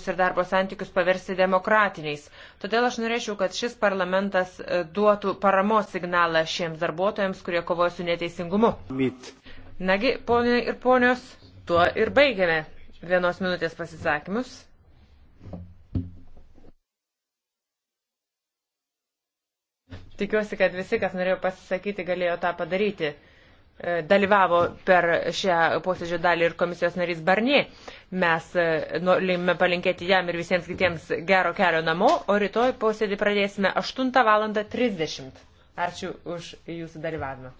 santykius ir darbo santykius paversti demokratiniais. Todėl aš norėčiau, kad šis parlamentas e, duotų paramos signalą šiems darbuotojams, kurie kovoja su neteisingumu. Mit. Nagi, ponai ir ponios, tuo ir baigiame vienos minutės pasisakymus. Tikiuosi, kad visi, kas norėjo pasisakyti, galėjo tą padaryti dalyvavo per šią posėdžio dalį ir komisijos narys Barni. Mes e, norime nu, palinkėti jam ir visiems kitiems gero kelio namo, o rytoj posėdį pradėsime 8 val. 30. Ačiū už jūsų dalyvavimą.